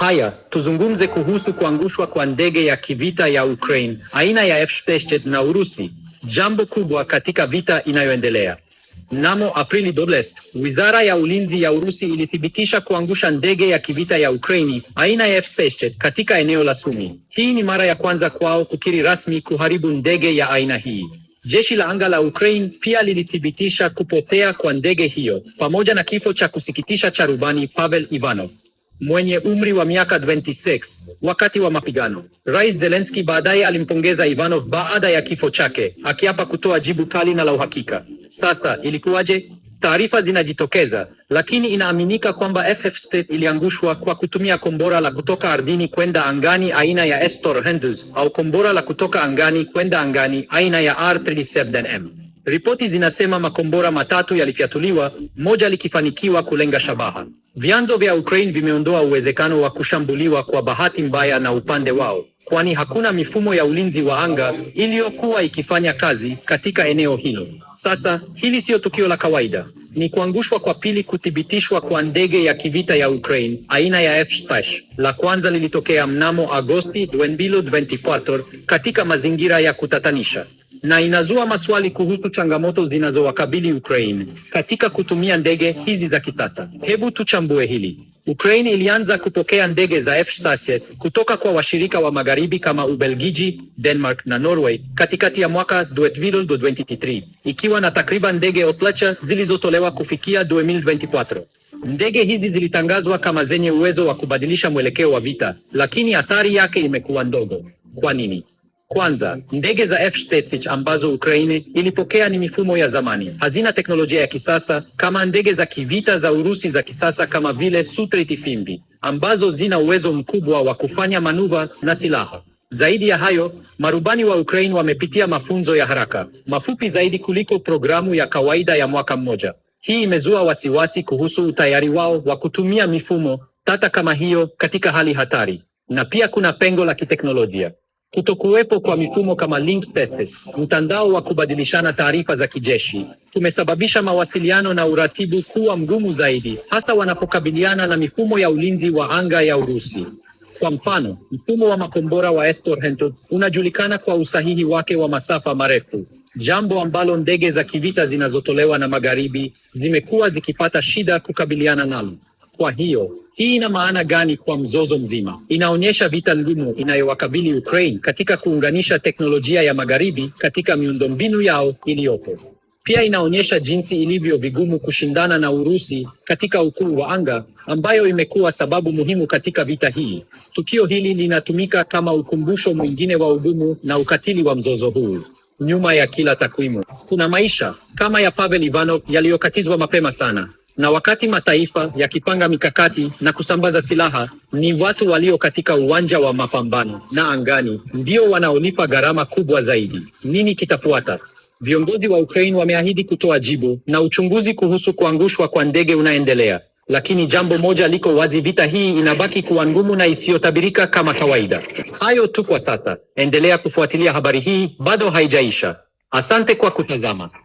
Haya, tuzungumze kuhusu kuangushwa kwa ndege ya kivita ya Ukraine aina ya F-16 na Urusi, jambo kubwa katika vita inayoendelea. Mnamo Aprili doblest, wizara ya ulinzi ya Urusi ilithibitisha kuangusha ndege ya kivita ya Ukraini aina ya F-16 katika eneo la Sumi. Hii ni mara ya kwanza kwao kukiri rasmi kuharibu ndege ya aina hii. Jeshi la anga la Ukraine pia lilithibitisha kupotea kwa ndege hiyo pamoja na kifo cha kusikitisha cha rubani Pavel Ivanov mwenye umri wa miaka 26 wakati wa mapigano. Rais Zelensky baadaye alimpongeza Ivanov baada ya kifo chake, akiapa kutoa jibu kali na la uhakika. Sasa ilikuwaje? Taarifa zinajitokeza, lakini inaaminika kwamba FF State iliangushwa kwa kutumia kombora la kutoka ardhini kwenda angani aina ya estor Hendus au kombora la kutoka angani kwenda angani aina ya R-37M. Ripoti zinasema makombora matatu yalifyatuliwa, moja likifanikiwa kulenga shabaha. Vyanzo vya Ukraine vimeondoa uwezekano wa kushambuliwa kwa bahati mbaya na upande wao, kwani hakuna mifumo ya ulinzi wa anga iliyokuwa ikifanya kazi katika eneo hilo. Sasa hili siyo tukio la kawaida, ni kuangushwa kwa pili kuthibitishwa kwa ndege ya kivita ya Ukraine aina ya F-16. La kwanza lilitokea mnamo Agosti 2024 katika mazingira ya kutatanisha na inazua maswali kuhusu changamoto zinazowakabili Ukraine katika kutumia ndege hizi za kitata. Hebu tuchambue hili. Ukraine ilianza kupokea ndege za F-36 kutoka kwa washirika wa magharibi kama Ubelgiji, Denmark na Norway katikati ya mwaka 2023 ikiwa na takriban ndege Oplacha zilizotolewa kufikia 2024. Ndege hizi zilitangazwa kama zenye uwezo wa kubadilisha mwelekeo wa vita, lakini athari yake imekuwa ndogo. Kwa nini? Kwanza, ndege za f ambazo Ukraine ilipokea ni mifumo ya zamani, hazina teknolojia ya kisasa kama ndege za kivita za Urusi za kisasa kama vile Su-35 ambazo zina uwezo mkubwa wa kufanya manuva na silaha. Zaidi ya hayo, marubani wa Ukraine wamepitia mafunzo ya haraka, mafupi zaidi kuliko programu ya kawaida ya mwaka mmoja. Hii imezua wasiwasi kuhusu utayari wao wa kutumia mifumo tata kama hiyo katika hali hatari, na pia kuna pengo la kiteknolojia. Kutokuwepo kwa mifumo kama LinkTethys, mtandao wa kubadilishana taarifa za kijeshi, kumesababisha mawasiliano na uratibu kuwa mgumu zaidi, hasa wanapokabiliana na mifumo ya ulinzi wa anga ya Urusi. Kwa mfano, mfumo wa makombora wa S unajulikana kwa usahihi wake wa masafa marefu, jambo ambalo ndege za kivita zinazotolewa na magharibi zimekuwa zikipata shida kukabiliana nalo. Kwa hiyo hii ina maana gani kwa mzozo mzima? Inaonyesha vita ngumu inayowakabili Ukraine katika kuunganisha teknolojia ya magharibi katika miundombinu yao iliyopo. Pia inaonyesha jinsi ilivyo vigumu kushindana na Urusi katika ukuu wa anga ambayo imekuwa sababu muhimu katika vita hii. Tukio hili linatumika kama ukumbusho mwingine wa ugumu na ukatili wa mzozo huu. Nyuma ya kila takwimu kuna maisha kama ya Pavel Ivanov yaliyokatizwa mapema sana na wakati mataifa yakipanga mikakati na kusambaza silaha, ni watu walio katika uwanja wa mapambano na angani ndio wanaolipa gharama kubwa zaidi. Nini kitafuata? Viongozi wa Ukraine wameahidi kutoa jibu na uchunguzi kuhusu kuangushwa kwa ndege unaendelea, lakini jambo moja liko wazi: vita hii inabaki kuwa ngumu na isiyotabirika kama kawaida. Hayo tu kwa sasa. Endelea kufuatilia habari hii, bado haijaisha. Asante kwa kutazama.